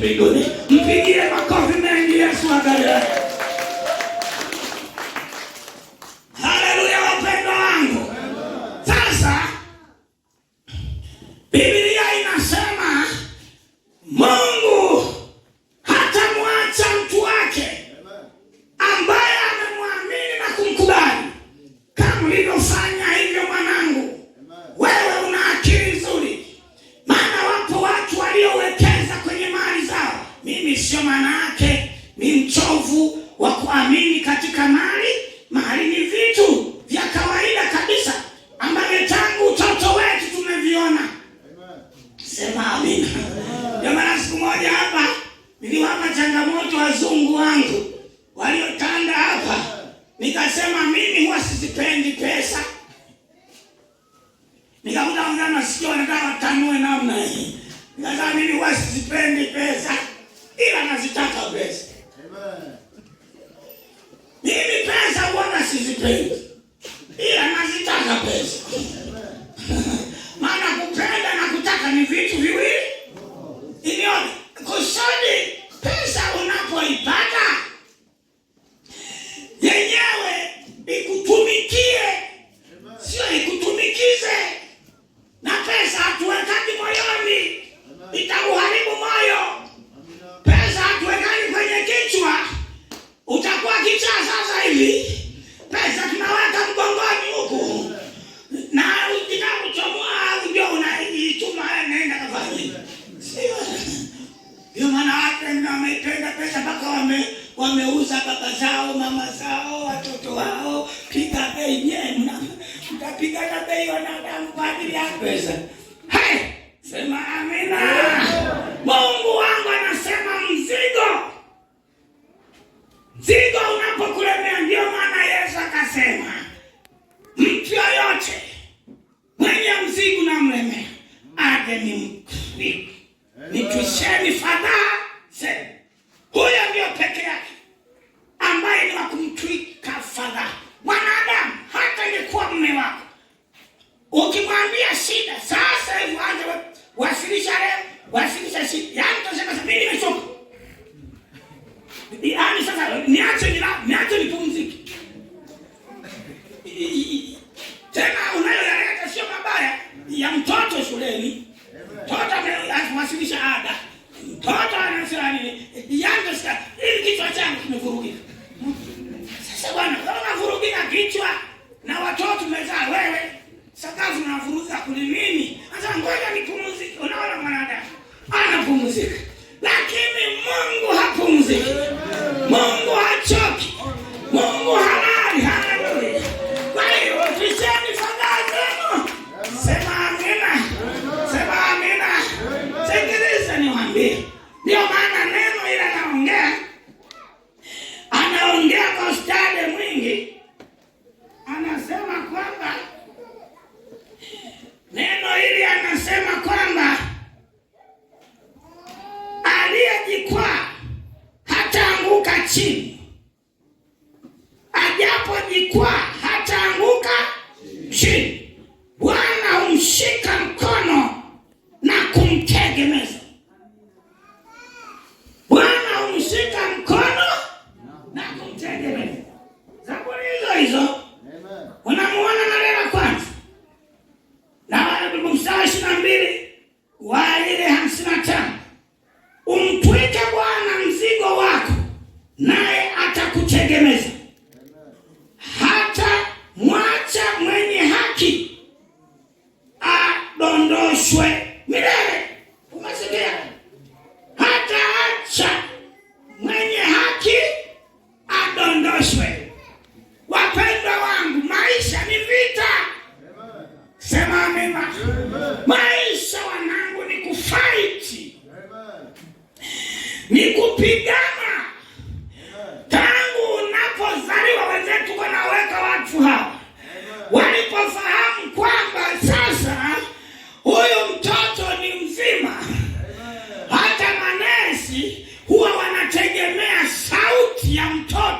pra Mpigie makofi mengi eh, sua galera. za baba zao, mama zao, watoto wao. Piga bei nyenu, mtapiga na bei wanadamu kwa ajili ya pesa. Hey, sema amina. Mungu wangu anasema mzigo mzigo unapokulemea, ndio maana Yesu akasema mtu yoyote mwenye mzigo namlemea aje nimtwike, nitwisheni fadhaa. Sema huyo ndio peke yake ambaye ni wa kumtwika kafara. Mwanadamu, hata ilikuwa mume wako ukimwambia shida, sasa hivi anza wasilisha leo, wasilisha shida, yaani tunasema sasa mimi nimechoka, yaani sasa niache nila, niache nipumzike. Tena unayoyaleta sio mabaya ya mtoto shuleni, mtoto amewasilisha ada, mtoto anasema nini, yaani ili kichwa changu kimevurugika sasa bwana, kama unavurugika kichwa na watoto tumezaa wewe, sakafu unavuruga kuli mimi. Sasa ngoja nipumzike. Unaona mwanadamu anapumzika, lakini Mungu hapumziki. Mungu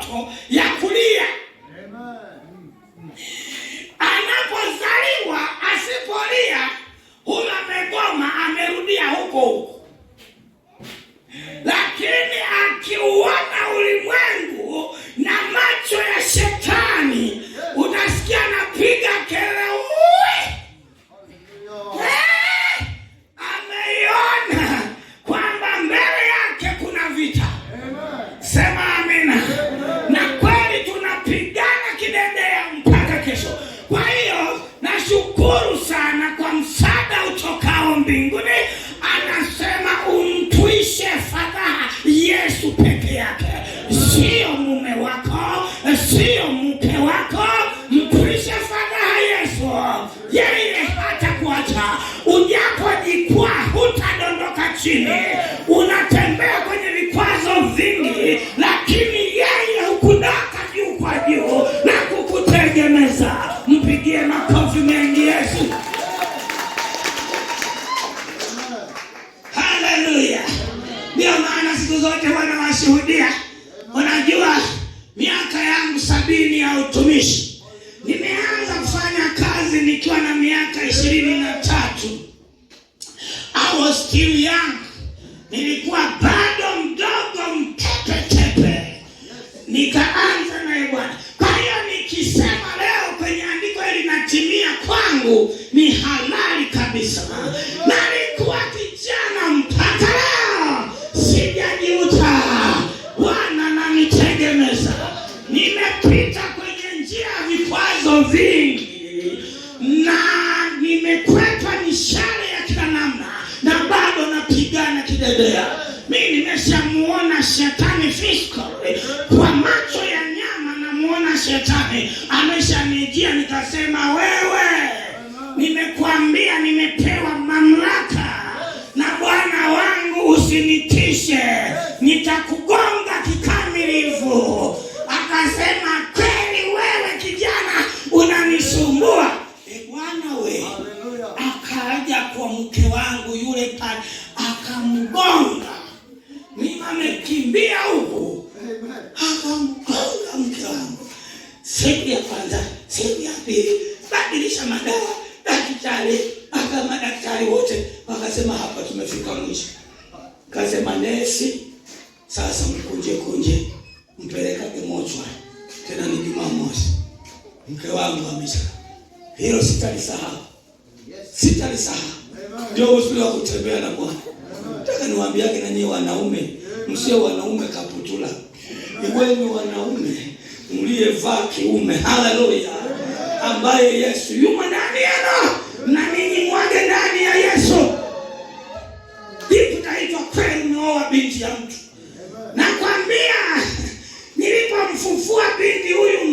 yako ya kulia. Anapozaliwa asipolia, huyo amegoma, amerudia huko huko. 冰棍冰。wote wanawashuhudia. Unajua, miaka yangu sabini ya utumishi nimeanza kufanya kazi nikiwa na miaka ishirini na tatu. I was still young, nilikuwa bado mdogo mtepetepe, nikaanza naye Bwana. Kwa hiyo nikisema leo kwenye andiko linatimia kwangu, ni halali kabisa na vingi na nimekwepa mishale ya kila namna, na bado napigana kidedea. Mi nimeshamuona shetani physically kwa macho ya nyama, namuona shetani ameshanijia, nikasema wewe akamgonga. Mimi amekimbia huku, akamgonga mke wangu. Siku ya kwanza, siku ya pili, badilisha madawa, daktari aka madaktari wote wakasema hapa tumefika mwisho. Kasema nesi, sasa mkunje kunje, mpeleka kimochwa tena, ni Jumamosi. Mke wangu amesha hilo, sitalisahau, sitalisahau. Ndio uzuri wa kutembea na Bwana. Nataka niwaambiage na nyinyi wanaume, msio wanaume kaputula. Iweni wanaume mliyevaa kiume. Haleluya. Ambaye Yesu yumo ndani yenu na ninyi mwage ndani ya Yesu. Ndipo taitwa kweli umeoa binti ya mtu. Nakwambia nilipomfufua binti huyu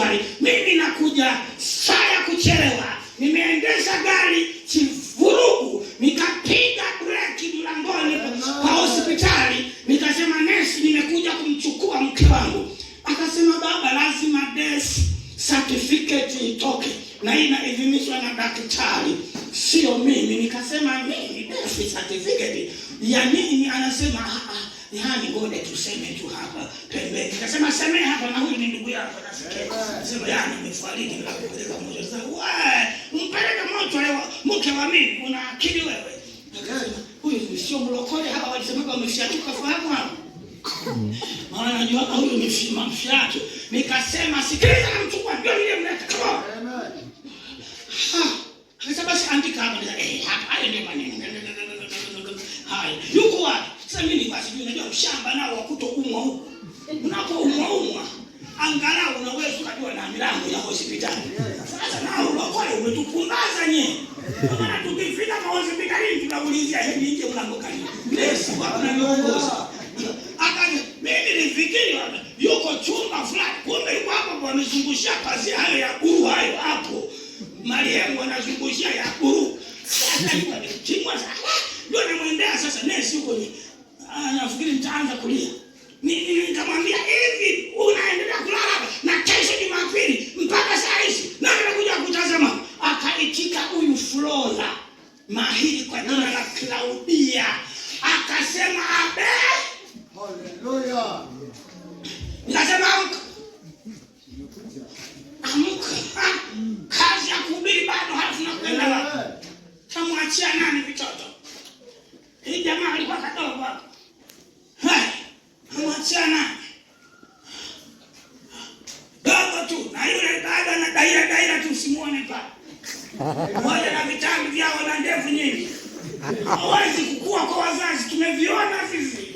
Oswald, mimi nakuja saa ya kuchelewa, nimeendesha gari chivurugu, nikapiga breki mlangoni kwa hospitali, nikasema nesi, nimekuja kumchukua mke wangu. Akasema baba, lazima death certificate itoke na hii inaidhinishwa na daktari, sio mimi. Nikasema nini, death certificate ya nini? Anasema ah, ah yani ngoja tuseme tu hapa pembe nikasema semee hapa na huyu ni ndugu yako nasikia. Sema yani nimefariki na kupeleka moto. Sasa wewe mpeleke moto leo mke wa mimi una akili wewe. Huyu sio mlokole hawa walisema kwamba wameshatuka fahamu hapo. Mm. Maana najua kwa huyu mshima mshato Nikasema sikiliza na mchukua ndio yule mnataka. Sasa basi andika hapa. Eh, hapa ndio maneno. Hai, yuko wapi? Sasa mimi hospitali. Sasa nao wakole umetupungaza nye. Maana tukifika kwa hospitalini tunaulizia hivi nje mlango kani. Nesi hakuna viongozi. Akani mimi nifikiri yuko chumba fulani kumbe yuko hapo wanazungushia kazi hayo ya guru hayo hapo. Mariamu wanazungushia ya guru. Sasa kimwa sasa. Ndio namwendea sasa nesi yuko ni anafikiri ah, nitaanza kulia. Nikamwambia hivi unaendelea kulala na pili mpaka saa hizi, nani anakuja kutazama? Akaitika huyu Flora mahiri kwa jina la Claudia, akasema abe, haleluya. nasema amka, amka, kazi ya kuhubiri bado, halafu nakwenda wapi? kamwachia nani vitoto? Hii jamaa alikuwa kadogo hapo, hai, kamwachia nani? tu na yule baba na daira daira tu, simuone pa moja na vitabu vyao na ndevu nyingi, hawezi kukua kwa wazazi, tumeviona sisi.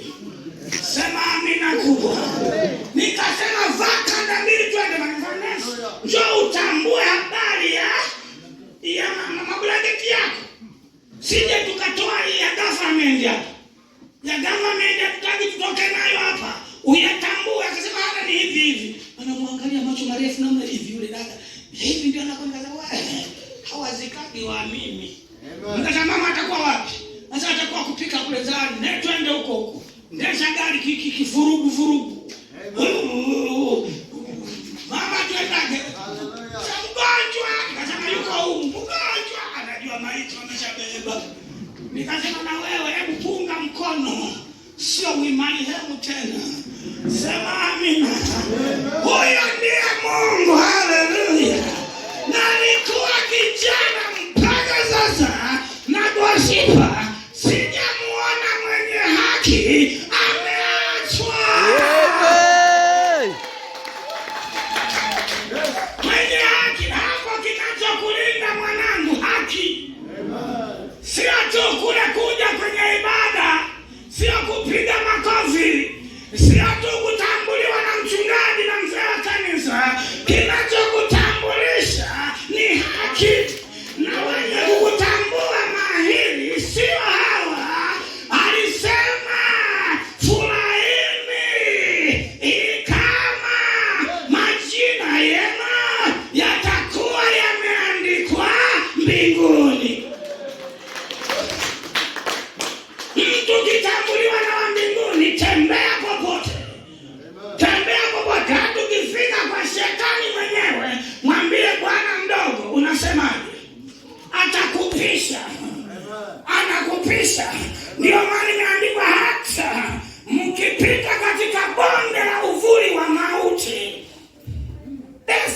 Sema amina kubwa. Nikasema vaa kanda mbili, twende makanisa, njoo utambue habari ya ya mablanketi yako, sije tukatoa hii ya government hapa ya government, hatutaki tutoke nayo hapa, uyatambue. Akasema hata ni hivi hivi, anamwangalia mrefu namna hivi, yule dada hivi ndio anakwenda za wewe, hawazikaki wa mimi mtazama, mama atakuwa wapi sasa? Atakuwa kupika kule zani, twende huko huko, ndesha gari kiki kifuru Shiva.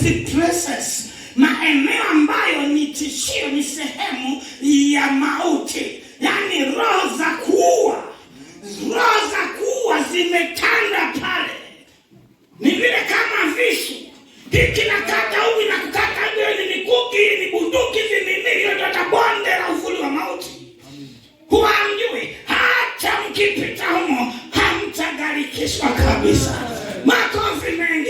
places, maeneo ambayo ni tishio, ni sehemu ya mauti, yaani roho za kuua, roho za kuua zimetanda pale, ni vile kama visu hiki na kata huu na kukata hiyo, ni mikuki, ni bunduki, vinini. Hiyo ndio tabonde la uvuli wa mauti. Huwa hamjui, hata mkipita humo hamtagarikishwa kabisa. Makofi mengi.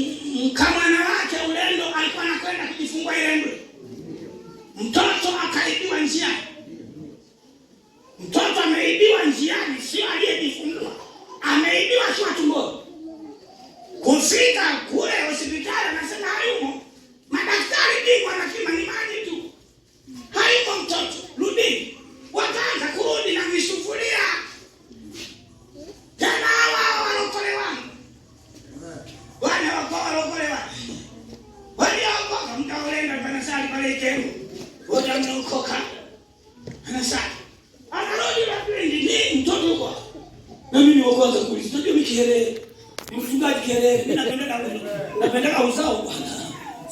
行かな ataokoka.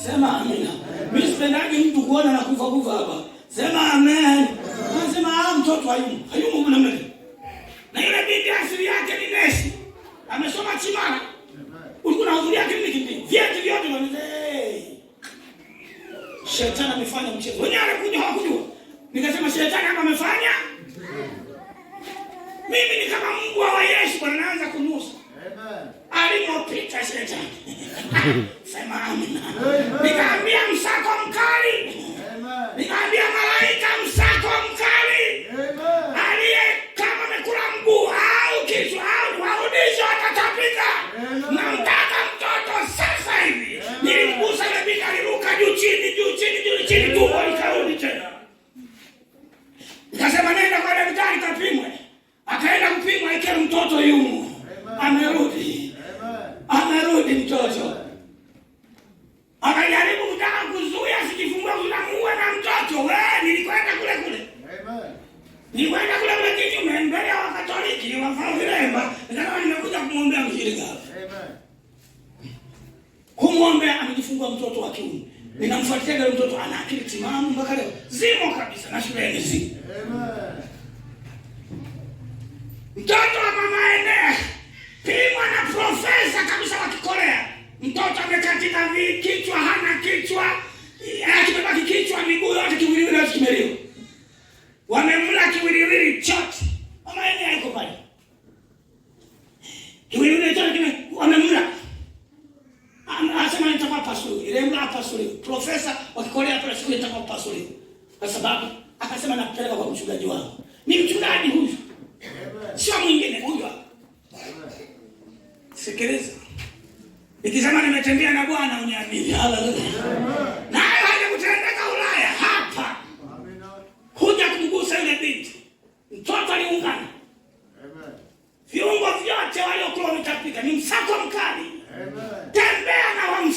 Sema amina. Mimi sipendaje mtu kuona na kufa kufa hapa. Bwana anaanza kunusa. Amen. Alipopita shetani. Sema amina. Amen. mtoto yumo, amerudi, amerudi mtoto. Akajaribu kutaka kuzuia asijifungue, tunamuua na mtoto. Wewe nilikwenda kule kule, nilikwenda kule kule kinyume mbele ya Wakatoliki wafao vilemba, nikawa nimekuja kumwombea mshirika kumwombea, amejifungua mtoto wa kiume. Ninamfuatilia mtoto, ana akili timamu mpaka leo, zimo kabisa na shuleni zimo. Amen. Mtoto wa mama Enea pimwa na profesa kabisa wa Kikorea. Mtoto amekatika kichwa, hana kichwa, akibebaki eh, kichwa, miguu yote, kiwiliwili yote kimeliwa, wamemla kiwiliwili chote. Mama Enea yuko pale, kiwiliwili chote kime wamemla, asema nitakuwa pasuli, ile mla pasuli. Profesa wa Kikorea pale siku nitakuwa pasuli kwa sababu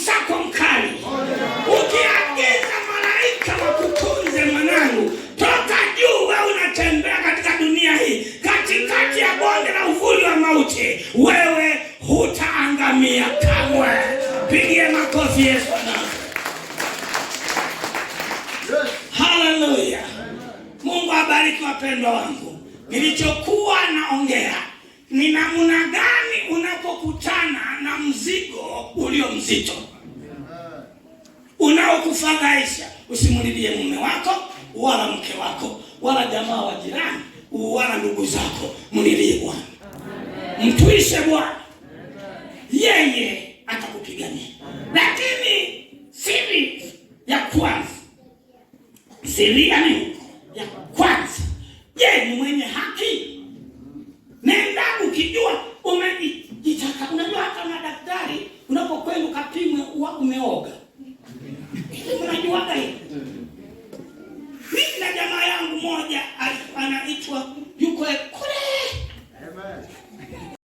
msako mkali, ukiagiza malaika wakutunze mwanangu, toka juu, we unatembea katika dunia hii katikati ya bonde la uvuli wa mauti, wewe hutaangamia kamwe. Pigie makofi Yesu. wala mke wako wala jamaa wa jirani wala ndugu zako, mlilie Bwana, mtuishe Bwana, yeye atakupigania. Lakini siri ya kwanza, siri ya kwanza, je, ni mwenye haki? Nenda ukijua umejitaka. Unajua hata na daktari unapokwenda ukapimwe umeoga, unajuaga hivi mimi na jamaa yangu moja anaitwa yuko kule. Amen.